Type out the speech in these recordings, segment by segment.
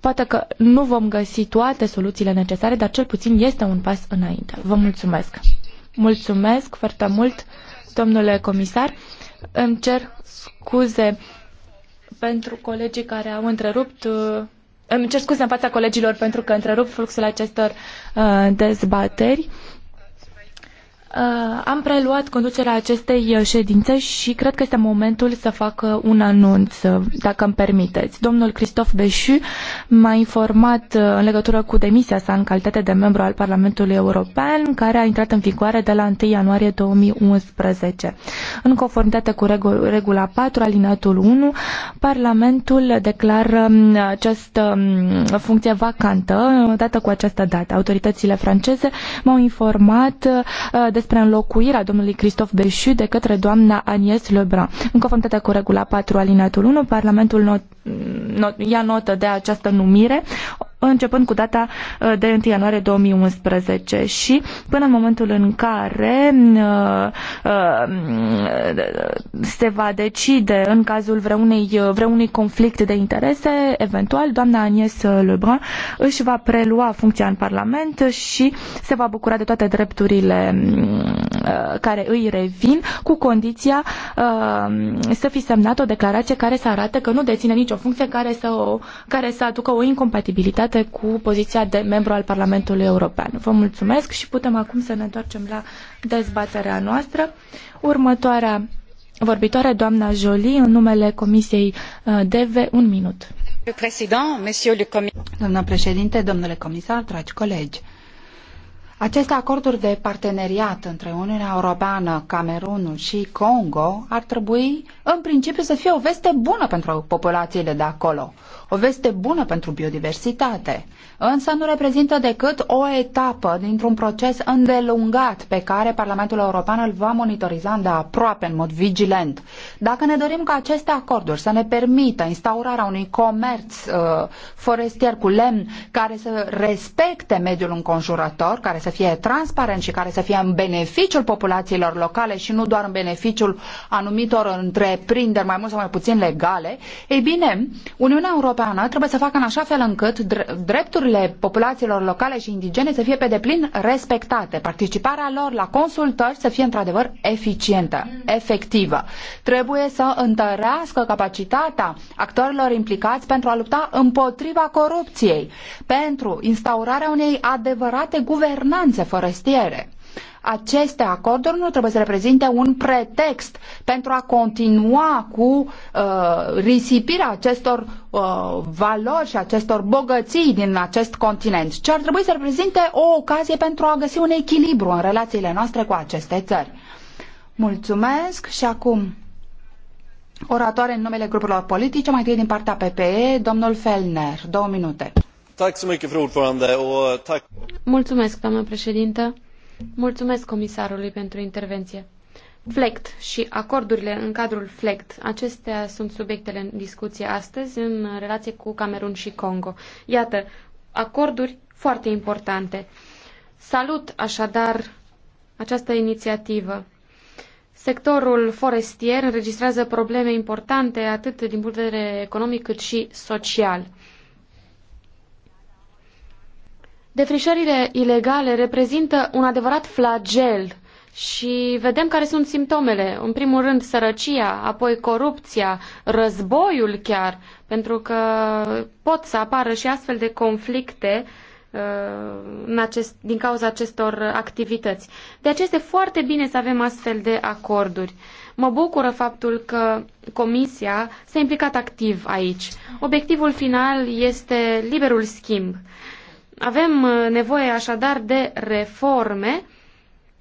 Poate că nu vom găsi toate soluțiile necesare, dar cel puțin este un pas înainte. Vă mulțumesc! Mulțumesc foarte mult, domnule comisar. Îmi cer scuze pentru colegii care au întrerupt. Îmi cer scuze în fața colegilor pentru că întrerup fluxul acestor uh, dezbateri. Uh, am preluat conducerea acestei uh, ședințe și cred că este momentul să fac uh, un anunț, dacă îmi permiteți. Domnul Christophe Beșu m-a informat în legătură cu demisia sa în calitate de membru al Parlamentului European, care a intrat în vigoare de la 1 ianuarie 2011. În conformitate cu regula 4, alineatul 1, Parlamentul declară um, această um, funcție vacantă dată cu această dată. Autoritățile franceze m-au informat de despre înlocuirea domnului Christophe Beșu de către doamna Agnès Lebrun. În conformitate cu regula 4 alineatul 1, Parlamentul not- ia notă de această numire începând cu data uh, de 1 ianuarie 2011 și până în momentul în care uh, uh, se va decide în cazul vreunei, vreunui conflict de interese, eventual doamna Agnes Lebrun își va prelua funcția în Parlament și se va bucura de toate drepturile mm, care îi revin, cu condiția să fi semnat o declarație care să arate că nu deține nicio funcție care să, o, care să aducă o incompatibilitate cu poziția de membru al Parlamentului European. Vă mulțumesc și putem acum să ne întoarcem la dezbaterea noastră. Următoarea vorbitoare, doamna Jolie, în numele Comisiei uh, DV, un minut. Doamna președinte, domnule comisar, dragi colegi, aceste acorduri de parteneriat între Uniunea Europeană, Camerunul și Congo ar trebui, în principiu, să fie o veste bună pentru populațiile de acolo o veste bună pentru biodiversitate, însă nu reprezintă decât o etapă dintr-un proces îndelungat pe care Parlamentul European îl va monitoriza de aproape în mod vigilent. Dacă ne dorim ca aceste acorduri să ne permită instaurarea unui comerț uh, forestier cu lemn care să respecte mediul înconjurător, care să fie transparent și care să fie în beneficiul populațiilor locale și nu doar în beneficiul anumitor întreprinderi mai mult sau mai puțin legale, ei bine, Uniunea Europeană Europeană trebuie să facă în așa fel încât drepturile populațiilor locale și indigene să fie pe deplin respectate, participarea lor la consultări să fie într-adevăr eficientă, efectivă. Trebuie să întărească capacitatea actorilor implicați pentru a lupta împotriva corupției, pentru instaurarea unei adevărate guvernanțe forestiere. Aceste acorduri nu trebuie să reprezinte un pretext pentru a continua cu uh, risipirea acestor uh, valori și acestor bogății din acest continent, ci ar trebui să reprezinte o ocazie pentru a găsi un echilibru în relațiile noastre cu aceste țări. Mulțumesc și acum oratoare în numele grupurilor politice, mai întâi din partea PPE, domnul Fellner, două minute. Mulțumesc, doamnă președintă. Mulțumesc comisarului pentru intervenție. FLECT și acordurile în cadrul FLECT, acestea sunt subiectele în discuție astăzi în relație cu Camerun și Congo. Iată, acorduri foarte importante. Salut așadar această inițiativă. Sectorul forestier înregistrează probleme importante atât din punct de vedere economic cât și social. Defrișările ilegale reprezintă un adevărat flagel și vedem care sunt simptomele. În primul rând sărăcia, apoi corupția, războiul chiar, pentru că pot să apară și astfel de conflicte uh, în acest, din cauza acestor activități. De aceea este foarte bine să avem astfel de acorduri. Mă bucură faptul că Comisia s-a implicat activ aici. Obiectivul final este liberul schimb. Avem uh, nevoie așadar de reforme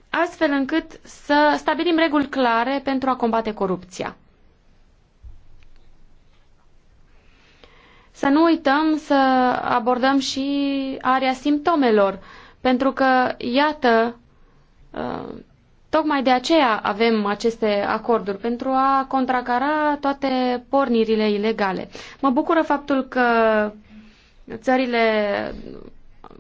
astfel încât să stabilim reguli clare pentru a combate corupția. Să nu uităm să abordăm și area simptomelor, pentru că, iată, uh, tocmai de aceea avem aceste acorduri, pentru a contracara toate pornirile ilegale. Mă bucură faptul că țările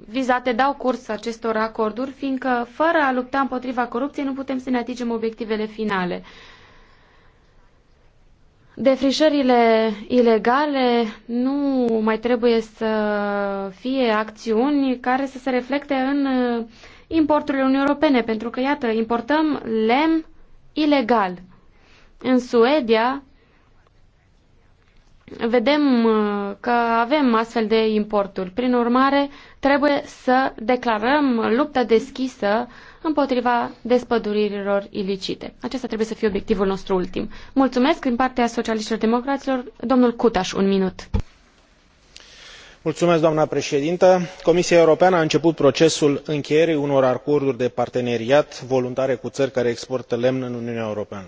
vizate dau curs acestor acorduri, fiindcă fără a lupta împotriva corupției nu putem să ne atingem obiectivele finale. Defrișările ilegale nu mai trebuie să fie acțiuni care să se reflecte în importurile Uniunii Europene, pentru că, iată, importăm lemn ilegal. În Suedia, vedem uh, că avem astfel de importuri. Prin urmare, trebuie să declarăm luptă deschisă împotriva despăduririlor ilicite. Acesta trebuie să fie obiectivul nostru ultim. Mulțumesc din partea socialiștilor democraților, domnul Cutaș, un minut. Mulțumesc, doamna președintă. Comisia Europeană a început procesul încheierii unor acorduri de parteneriat voluntare cu țări care exportă lemn în Uniunea Europeană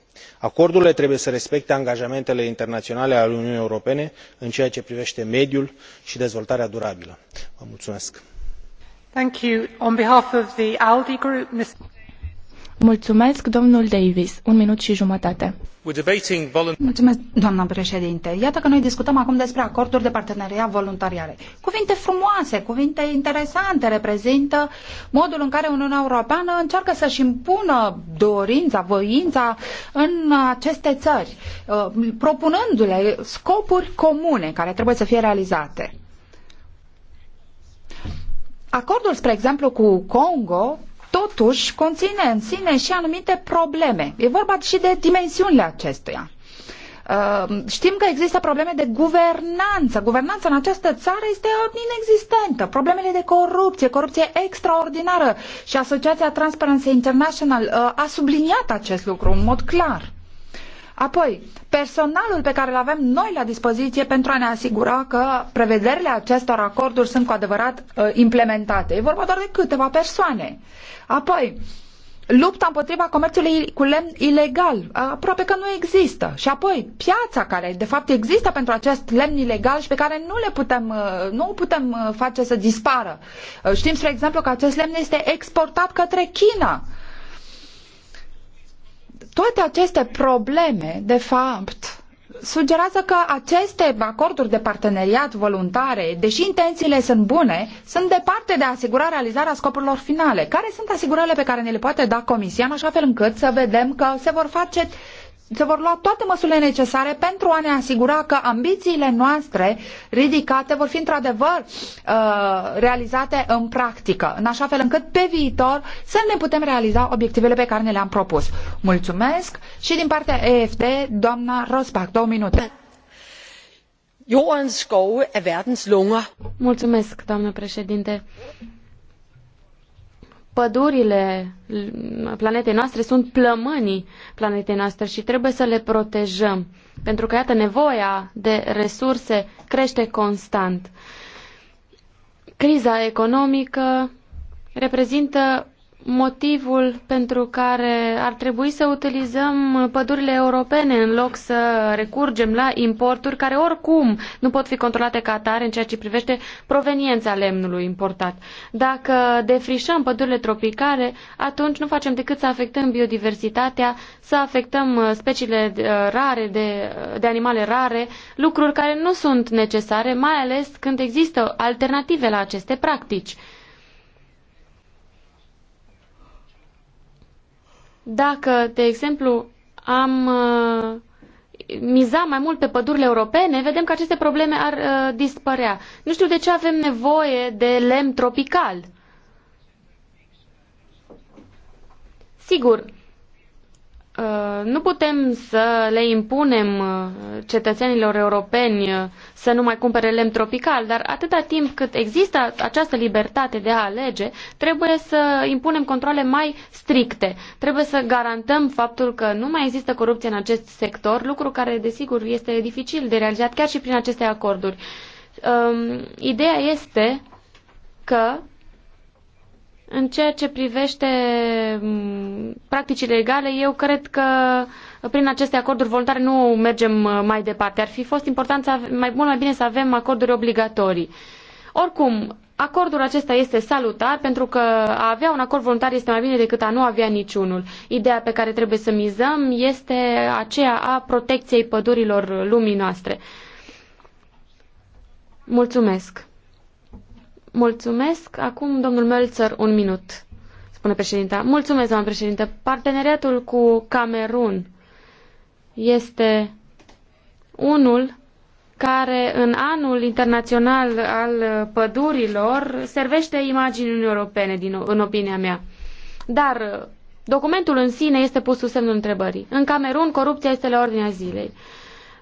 acordurile trebuie să respecte angajamentele internaționale ale uniunii europene în ceea ce privește mediul și dezvoltarea durabilă. Mulțumesc, domnul Davis. Un minut și jumătate. Mulțumesc, doamna președinte. Iată că noi discutăm acum despre acorduri de parteneriat voluntariare. Cuvinte frumoase, cuvinte interesante reprezintă modul în care Uniunea Europeană încearcă să-și impună dorința, voința în aceste țări, uh, propunându-le scopuri comune care trebuie să fie realizate. Acordul, spre exemplu, cu Congo totuși conține în sine și anumite probleme. E vorba și de dimensiunile acestuia. Uh, știm că există probleme de guvernanță. Guvernanța în această țară este inexistentă. Problemele de corupție, corupție extraordinară. Și Asociația Transparency International uh, a subliniat acest lucru în mod clar. Apoi, personalul pe care îl avem noi la dispoziție pentru a ne asigura că prevederile acestor acorduri sunt cu adevărat uh, implementate. E vorba doar de câteva persoane. Apoi, lupta împotriva comerțului cu lemn ilegal, aproape că nu există. Și apoi, piața care de fapt există pentru acest lemn ilegal și pe care nu le putem, uh, nu putem uh, face să dispară. Uh, știm, spre exemplu, că acest lemn este exportat către China toate aceste probleme, de fapt, sugerează că aceste acorduri de parteneriat voluntare, deși intențiile sunt bune, sunt departe de a asigura realizarea scopurilor finale. Care sunt asigurările pe care ne le poate da Comisia, în așa fel încât să vedem că se vor face se vor lua toate măsurile necesare pentru a ne asigura că ambițiile noastre ridicate vor fi într-adevăr uh, realizate în practică, în așa fel încât pe viitor să ne putem realiza obiectivele pe care ne le-am propus. Mulțumesc și din partea EFD, doamna Rosbach, două minute. Jordens skove er verdens Mulțumesc, doamnă președinte. Pădurile planetei noastre sunt plămânii planetei noastre și trebuie să le protejăm, pentru că, iată, nevoia de resurse crește constant. Criza economică reprezintă motivul pentru care ar trebui să utilizăm pădurile europene în loc să recurgem la importuri care oricum nu pot fi controlate ca atare în ceea ce privește proveniența lemnului importat. Dacă defrișăm pădurile tropicale, atunci nu facem decât să afectăm biodiversitatea, să afectăm uh, speciile uh, rare de, uh, de animale rare, lucruri care nu sunt necesare, mai ales când există alternative la aceste practici. Dacă, de exemplu, am uh, miza mai mult pe pădurile europene, vedem că aceste probleme ar uh, dispărea. Nu știu de ce avem nevoie de lemn tropical. Sigur, Uh, nu putem să le impunem uh, cetățenilor europeni uh, să nu mai cumpere lemn tropical, dar atâta timp cât există această libertate de a alege, trebuie să impunem controle mai stricte. Trebuie să garantăm faptul că nu mai există corupție în acest sector, lucru care, desigur, este dificil de realizat chiar și prin aceste acorduri. Um, ideea este că în ceea ce privește practicile legale, eu cred că prin aceste acorduri voluntare nu mergem uh, mai departe. Ar fi fost important să avem, mai mult mai bine să avem acorduri obligatorii. Oricum, acordul acesta este salutar pentru că a avea un acord voluntar este mai bine decât a nu avea niciunul. Ideea pe care trebuie să mizăm este aceea a protecției pădurilor lumii noastre. Mulțumesc! Mulțumesc. Acum, domnul Melzer, un minut, spune președinta. Mulțumesc, doamnă președinte. Parteneriatul cu Camerun este unul care în anul internațional al pădurilor servește imaginii Uniunii Europene, din, în opinia mea. Dar uh, documentul în sine este pus sub semnul întrebării. În Camerun, corupția este la ordinea zilei.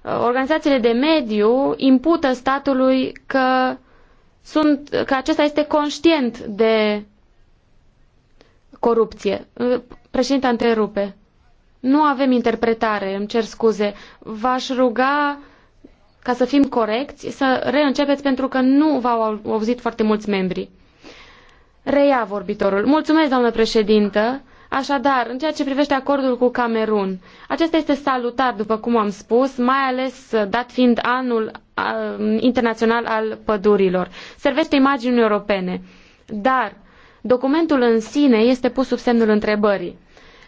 Uh, organizațiile de mediu impută statului că sunt, că acesta este conștient de corupție. Președinte, întrerupe. Nu avem interpretare, îmi cer scuze. V-aș ruga ca să fim corecți, să reîncepeți pentru că nu v-au auzit foarte mulți membri. Reia vorbitorul. Mulțumesc, doamnă președintă. Așadar, în ceea ce privește acordul cu Camerun, acesta este salutar, după cum am spus, mai ales uh, dat fiind anul uh, internațional al pădurilor. Servește imaginii europene, dar documentul în sine este pus sub semnul întrebării.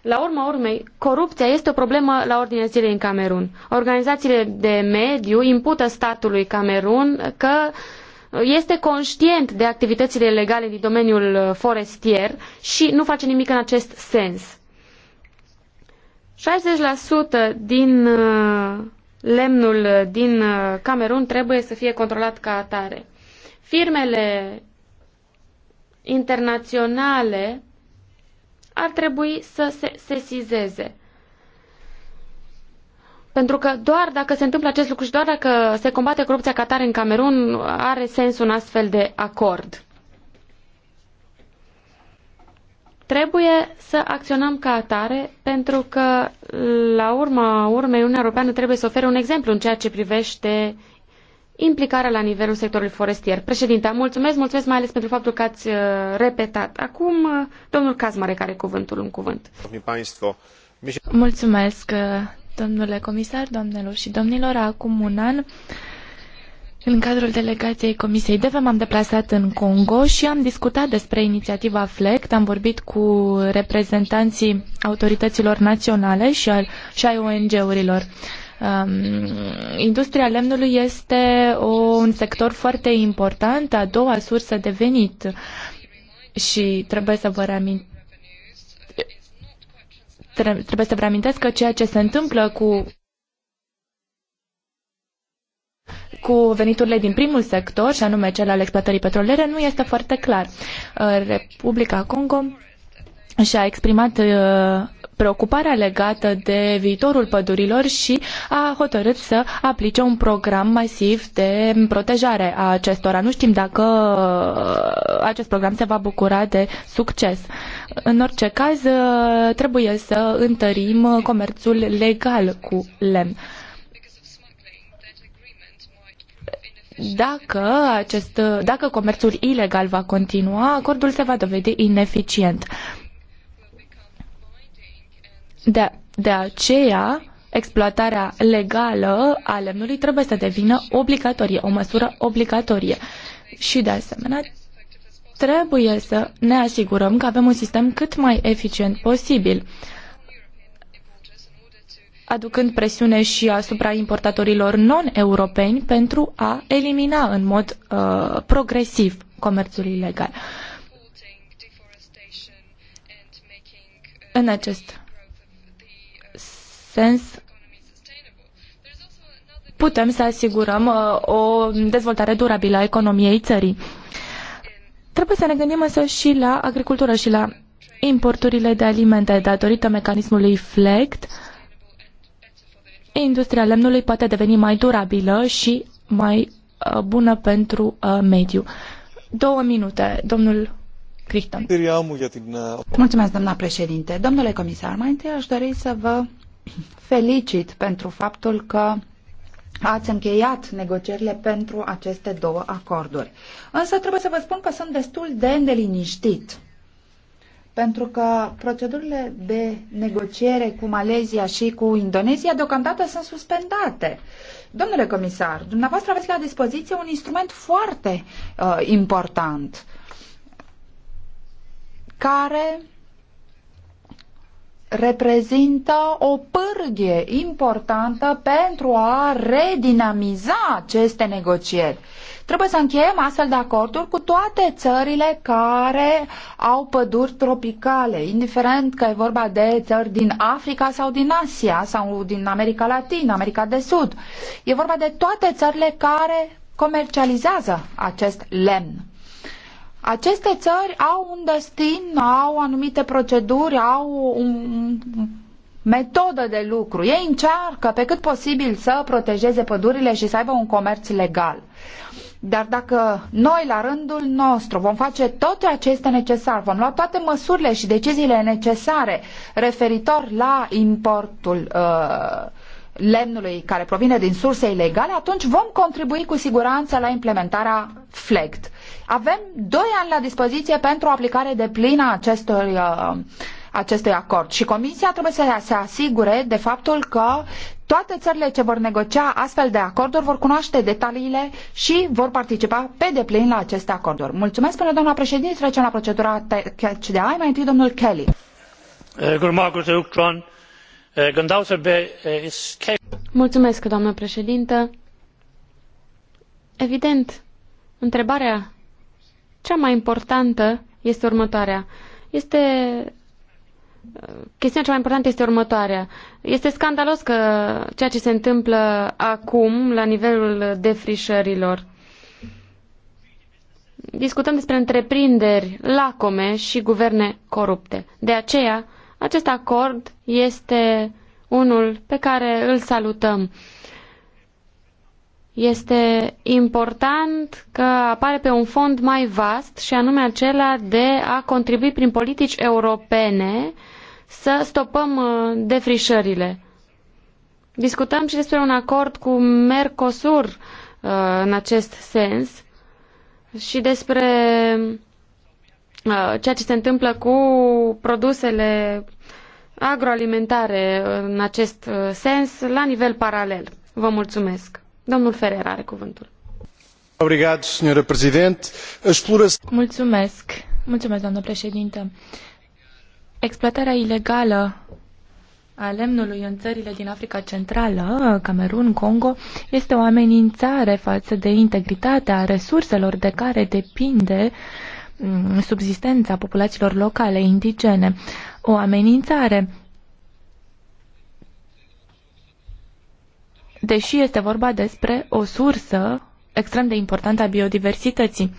La urma urmei, corupția este o problemă la ordinea zilei în Camerun. Organizațiile de mediu impută statului Camerun că uh, este conștient de activitățile legale din domeniul uh, forestier și nu face nimic în acest sens. 60% din uh, lemnul din uh, Camerun trebuie să fie controlat ca atare. Firmele internaționale ar trebui să se sesizeze. Pentru că doar dacă se întâmplă acest lucru și doar dacă se combate corupția ca în Camerun, are sens un astfel de acord. Trebuie să acționăm ca atare pentru că, la urma urmei, Uniunea Europeană trebuie să ofere un exemplu în ceea ce privește implicarea la nivelul sectorului forestier. Președinte, mulțumesc, mulțumesc mai ales pentru faptul că ați uh, repetat. Acum, uh, domnul Cazmare, care cuvântul în cuvânt. Mulțumesc, uh, Domnule comisar, doamnelor și domnilor, acum un an, în cadrul delegației Comisiei DEVE m-am deplasat în Congo și am discutat despre inițiativa FLECT, am vorbit cu reprezentanții autorităților naționale și, al, și ai ONG-urilor. Um, industria lemnului este o, un sector foarte important, a doua sursă de venit și trebuie să vă reamintesc trebuie să vă amintesc că ceea ce se întâmplă cu cu veniturile din primul sector, și anume cel al exploatării petrolere, nu este foarte clar. Uh, Republica Congo și-a exprimat uh, preocuparea legată de viitorul pădurilor și a hotărât să aplice un program masiv de protejare a acestora. Nu știm dacă uh, acest program se va bucura de succes. În orice caz, uh, trebuie să întărim comerțul legal cu lemn. Dacă, acest, dacă comerțul ilegal va continua, acordul se va dovedi ineficient. De, de aceea, exploatarea legală a lemnului trebuie să devină obligatorie, o măsură obligatorie. Și de asemenea, trebuie să ne asigurăm că avem un sistem cât mai eficient posibil, aducând presiune și asupra importatorilor non-europeni pentru a elimina în mod uh, progresiv comerțul ilegal. În acest sens putem să asigurăm uh, o dezvoltare durabilă a economiei țării. Trebuie să ne gândim însă și la agricultură și la importurile de alimente. Datorită mecanismului FLECT, industria lemnului poate deveni mai durabilă și mai uh, bună pentru uh, mediu. Două minute, domnul Crichton. Mulțumesc, doamna președinte. Domnule comisar, mai întâi aș dori să vă felicit pentru faptul că ați încheiat negocierile pentru aceste două acorduri. Însă trebuie să vă spun că sunt destul de neliniștit. Pentru că procedurile de negociere cu Malezia și cu Indonezia deocamdată sunt suspendate. Domnule comisar, dumneavoastră aveți la dispoziție un instrument foarte uh, important care reprezintă o pârghie importantă pentru a redinamiza aceste negocieri. Trebuie să încheiem astfel de acorduri cu toate țările care au păduri tropicale, indiferent că e vorba de țări din Africa sau din Asia sau din America Latină, America de Sud. E vorba de toate țările care comercializează acest lemn. Aceste țări au un destin, au anumite proceduri, au un metodă de lucru. Ei încearcă pe cât posibil să protejeze pădurile și să aibă un comerț legal. Dar dacă noi, la rândul nostru, vom face tot ceea ce este necesar, vom lua toate măsurile și deciziile necesare referitor la importul uh, lemnului care provine din surse ilegale, atunci vom contribui cu siguranță la implementarea FLECT. Avem doi ani la dispoziție pentru o aplicare de plină a acestui, uh, acestui acord și Comisia trebuie să se asigure de faptul că toate țările ce vor negocia astfel de acorduri vor cunoaște detaliile și vor participa pe deplin la aceste acorduri. Mulțumesc, până doamna președinte, trecem la procedura de ai, mai întâi domnul Kelly. Eh, Eh, eh, Mulțumesc, președintă. Evident, întrebarea cea mai importantă este următoarea. Este eh, Chestiunea cea mai importantă este următoarea. Este scandalos că ceea ce se întâmplă acum la nivelul defrișărilor. Discutăm despre întreprinderi lacome și guverne corupte. De aceea, acest acord este unul pe care îl salutăm. Este important că apare pe un fond mai vast și anume acela de a contribui prin politici europene să stopăm uh, defrișările. Discutăm și despre un acord cu Mercosur uh, în acest sens și despre Uh, ceea ce se întâmplă cu produsele agroalimentare în acest uh, sens la nivel paralel. Vă mulțumesc. Domnul Ferrer are cuvântul. Mulțumesc. Mulțumesc, doamnă președinte. Exploatarea ilegală a lemnului în țările din Africa Centrală, Camerun, Congo, este o amenințare față de integritatea resurselor de care depinde uh, Mm, subsistența populațiilor locale indigene, o amenințare. Deși este vorba despre o sursă extrem de importantă a biodiversității.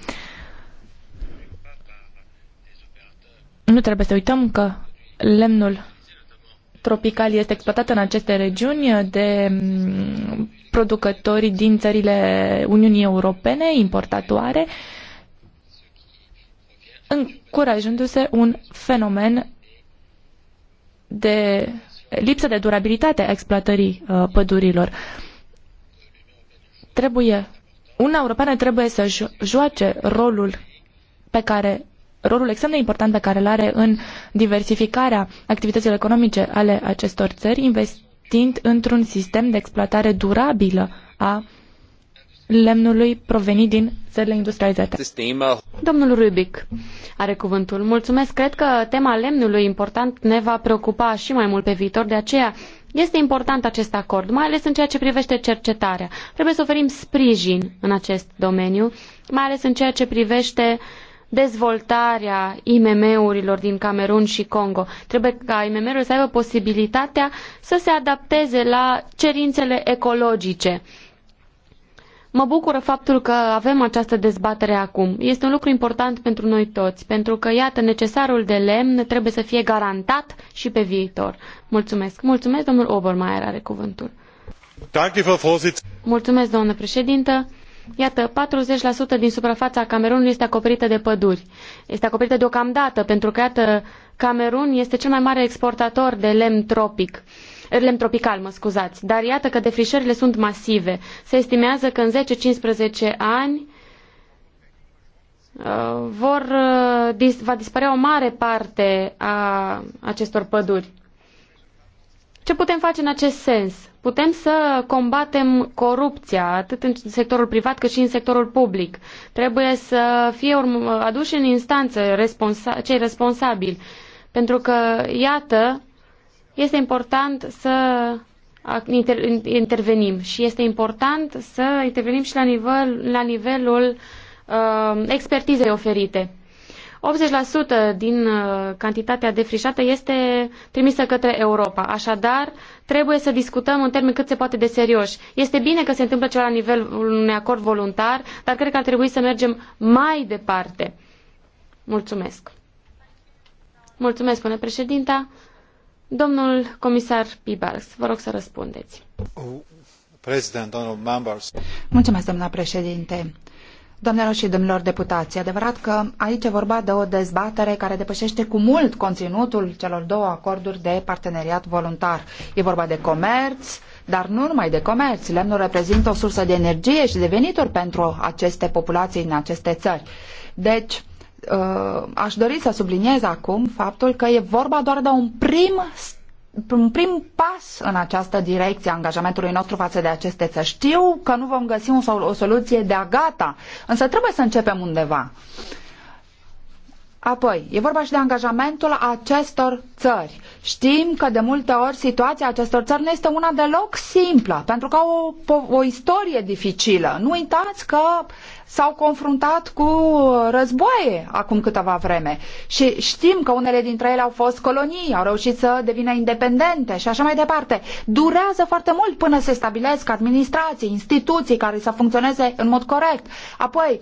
Nu trebuie să uităm că lemnul tropical este exploatat în aceste regiuni de mm, producători din țările Uniunii Europene, importatoare, încurajându-se un fenomen de lipsă de durabilitate a exploatării uh, pădurilor. Trebuie, una Europeană trebuie să joace rolul pe care rolul extrem de important pe care îl are în diversificarea activităților economice ale acestor țări, investind într-un sistem de exploatare durabilă a lemnului provenit din țările industrializate. Domnul Rubic are cuvântul. Mulțumesc. Cred că tema lemnului important ne va preocupa și mai mult pe viitor, de aceea este important acest acord, mai ales în ceea ce privește cercetarea. Trebuie să oferim sprijin în acest domeniu, mai ales în ceea ce privește dezvoltarea IMM-urilor din Camerun și Congo. Trebuie ca IMM-urile să aibă posibilitatea să se adapteze la cerințele ecologice Mă bucură faptul că avem această dezbatere acum. Este un lucru important pentru noi toți, pentru că, iată, necesarul de lemn trebuie să fie garantat și pe viitor. Mulțumesc. Mulțumesc, domnul Obermeier are cuvântul. Mulțumesc, doamnă președintă. Iată, 40% din suprafața Camerunului este acoperită de păduri. Este acoperită deocamdată, pentru că, iată, Camerun este cel mai mare exportator de lemn tropic. Uh, lemn tropical, mă scuzați. Dar iată că defrișările sunt masive. Se estimează că în 10-15 ani uh, vor, uh, va dispărea o mare parte a acestor păduri. Ce putem face în acest sens? Putem să combatem corupția, atât în sectorul privat cât și în sectorul public. Trebuie să fie aduși în instanță responsa- cei responsabili. Pentru că, iată, este important să intervenim și este important să intervenim și la, nivel, la nivelul uh, expertizei oferite. 80% din uh, cantitatea defrișată este trimisă către Europa. Așadar, trebuie să discutăm în termeni cât se poate de serioși. Este bine că se întâmplă ceva la nivelul unui acord voluntar, dar cred că ar trebui să mergem mai departe. Mulțumesc. Mulțumesc, până președinta. Domnul comisar Pibals, vă rog să răspundeți. Mulțumesc, doamna președinte. Doamnelor și domnilor deputați, adevărat că aici e vorba de o dezbatere care depășește cu mult conținutul celor două acorduri de parteneriat voluntar. E vorba de comerț, dar nu numai de comerț. Lemnul reprezintă o sursă de energie și de venituri pentru aceste populații în aceste țări. Deci, uh, aș dori să subliniez acum faptul că e vorba doar de un prim un prim pas în această direcție a angajamentului nostru față de aceste țări. Știu că nu vom găsi un, o soluție de-a gata, însă trebuie să începem undeva. Uh, Apoi, e vorba și de angajamentul acestor țări. Știm că de multe ori situația acestor țări nu este una deloc simplă, pentru că au o, o istorie dificilă. Nu uitați că s-au confruntat cu războaie acum câteva vreme și știm că unele dintre ele au fost colonii, au reușit să devină independente și așa mai departe. Durează foarte mult până se stabilesc administrații, instituții care să funcționeze în mod corect. Apoi,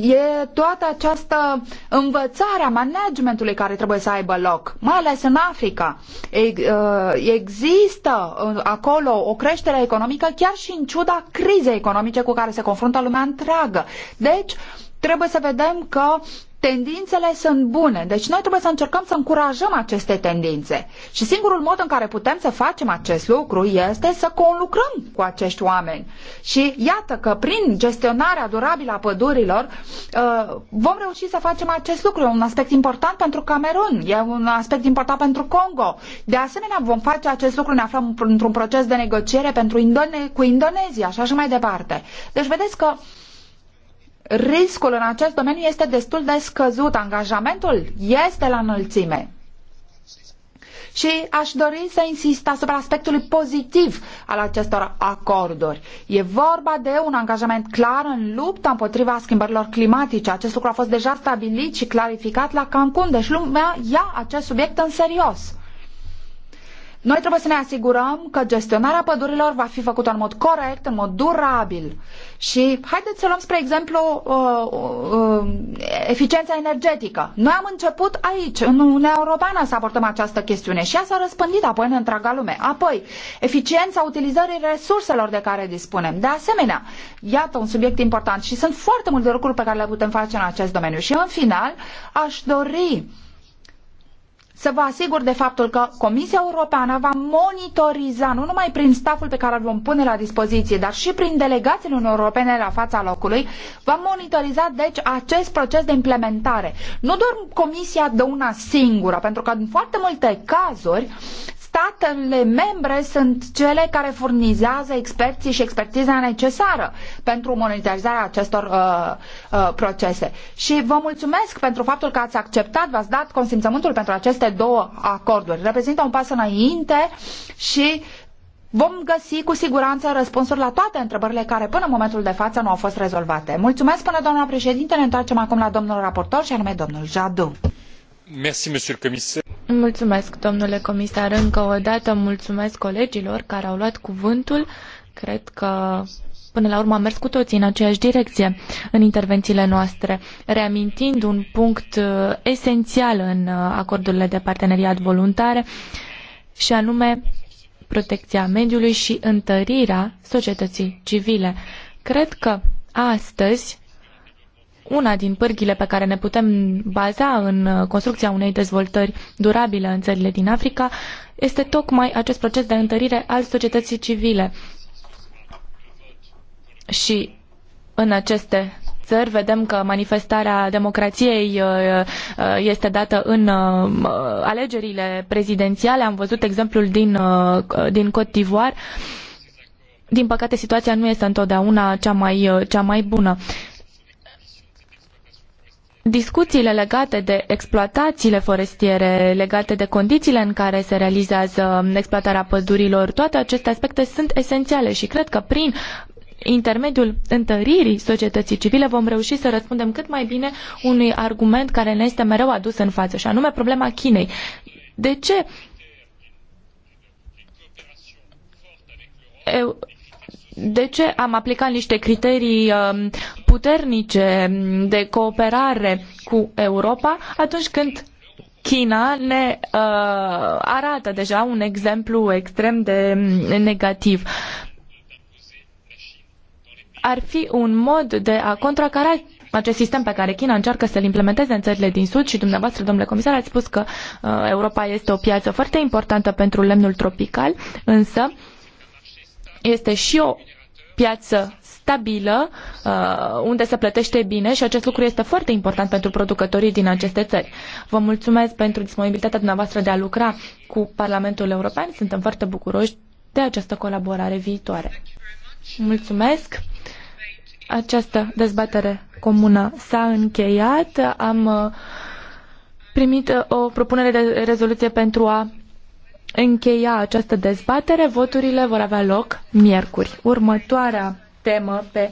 e toată această învățare schimbarea managementului care trebuie să aibă loc, mai ales în Africa. Uh, există uh, acolo o creștere economică chiar și în ciuda crizei economice cu care se confruntă lumea întreagă. Deci, trebuie să vedem că tendințele sunt bune. Deci noi trebuie să încercăm să încurajăm aceste tendințe. Și singurul mod în care putem să facem acest lucru este să conlucrăm cu acești oameni. Și iată că prin gestionarea durabilă a pădurilor uh, vom reuși să facem acest lucru. E un aspect important pentru Camerun, e un aspect important pentru Congo. De asemenea, vom face acest lucru, ne aflăm într-un proces de negociere pentru Indone- cu Indonezia și așa mai departe. Deci vedeți că uh, riscul în acest domeniu este destul de scăzut. Angajamentul este la înălțime. Și aș dori să insist asupra aspectului pozitiv al acestor acorduri. E vorba de un angajament clar în lupta împotriva schimbărilor climatice. Acest lucru a fost deja stabilit și clarificat la Cancun, deci lumea ia acest subiect în serios. Noi trebuie să ne asigurăm că gestionarea pădurilor va fi făcută în mod corect, în mod durabil. Și haideți să luăm, spre exemplu, uh, uh, eficiența energetică. Noi am început aici, în Uniunea Europeană, să abordăm această chestiune și ea s-a răspândit apoi în întreaga lume. Apoi, eficiența utilizării resurselor de care dispunem. De asemenea, iată un subiect important și sunt foarte multe lucruri pe care le putem face în acest domeniu. Și în final, aș dori să vă asigur de faptul că Comisia Europeană va monitoriza nu numai prin staful pe care îl vom pune la dispoziție, dar și prin delegațiile Europene la fața locului, va monitoriza deci acest proces de implementare. Nu doar Comisia de una singură, pentru că în foarte multe cazuri statele membre sunt cele care furnizează experții și expertiza necesară pentru monitorizarea acestor uh, uh, procese. Și vă mulțumesc pentru faptul că ați acceptat, v-ați dat consimțământul pentru aceste două acorduri. Reprezintă un pas înainte și vom găsi cu siguranță răspunsuri la toate întrebările care până în momentul de față nu au fost rezolvate. Mulțumesc până doamna președinte, ne întoarcem acum la domnul raportor și anume domnul Jadu. Merci, monsieur le Mulțumesc, domnule comisar, încă o dată mulțumesc colegilor care au luat cuvântul. Cred că până la urmă am mers cu toții în aceeași direcție în intervențiile noastre, reamintind un punct uh, esențial în uh, acordurile de parteneriat voluntare și anume protecția mediului și întărirea societății civile. Cred că astăzi una din pârghile pe care ne putem baza în uh, construcția unei dezvoltări durabile în țările din Africa este tocmai acest proces de întărire al societății civile. Și în aceste țări vedem că manifestarea democrației uh, uh, este dată în alegerile prezidențiale. Am văzut exemplul din, din Côte d'Ivoire. Din păcate, situația nu este întotdeauna cea mai, cea mai bună. Discuțiile legate de exploatațiile forestiere, legate de condițiile în care se realizează exploatarea pădurilor, toate aceste aspecte sunt esențiale și cred că prin intermediul întăririi societății civile vom reuși să răspundem cât mai bine unui argument care ne este mereu adus în față, și anume problema Chinei. De ce de ce am aplicat niște criterii um, puternice de cooperare cu Europa atunci când China ne uh, arată deja un exemplu extrem de mm, negativ. Ar fi un mod de a contracara acest sistem pe care China încearcă să-l implementeze în țările din Sud și dumneavoastră, domnule comisar, ați spus că uh, Europa este o piață foarte importantă pentru lemnul tropical, însă uh, este și o piață stabilă, uh, unde se plătește bine și acest lucru este foarte important pentru producătorii din aceste țări. Vă mulțumesc pentru disponibilitatea dumneavoastră de a lucra cu Parlamentul European. Suntem foarte bucuroși de această colaborare viitoare. Mulțumesc! Această dezbatere comună s-a încheiat. Am uh, primit uh, o propunere de rezoluție pentru a încheia această dezbatere. Voturile vor avea loc miercuri. Următoarea temă pe